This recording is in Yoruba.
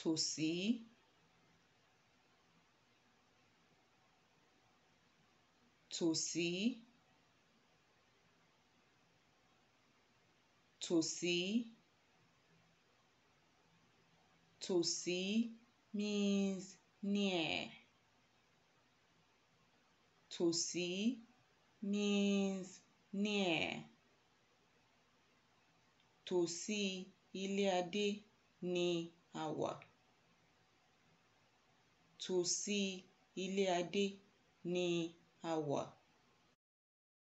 tòsí tòsí tòsí tòsí means near tòsí means near tòsí ilé Adé ni àwà tòsí ilé adé ni a wà